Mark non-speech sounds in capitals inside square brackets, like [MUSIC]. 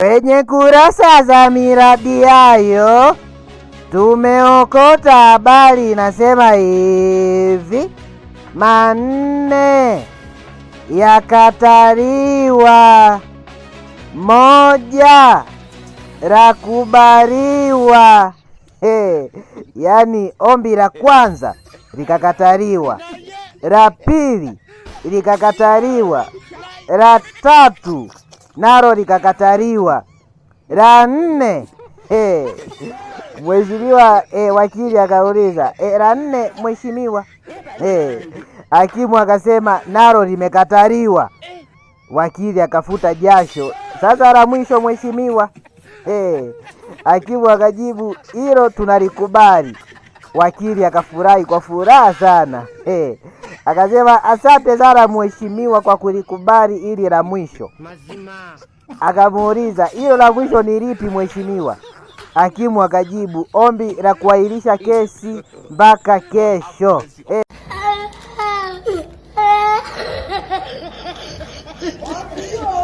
Kwenye kurasa za miradi hayo tumeokota habari inasema hivi: manne yakatariwa, moja la kubaliwa. Hey, yaani ombi la kwanza likakatariwa, la pili likakatariwa, la tatu naro likakataliwa. La nne hey. Mheshimiwa e, wakili akauliza e, la nne mheshimiwa hey. Hakimu akasema naro limekataliwa. Wakili akafuta jasho. Sasa la mwisho mheshimiwa hey. Hakimu akajibu hilo tunalikubali. Wakili akafurahi kwa furaha sana hey. Akasema asante sana mheshimiwa kwa kulikubali ili la mwisho. Akamuuliza hilo la mwisho ni lipi mheshimiwa? Hakimu akajibu ombi la kuahirisha kesi mpaka kesho. Eh. [LAUGHS]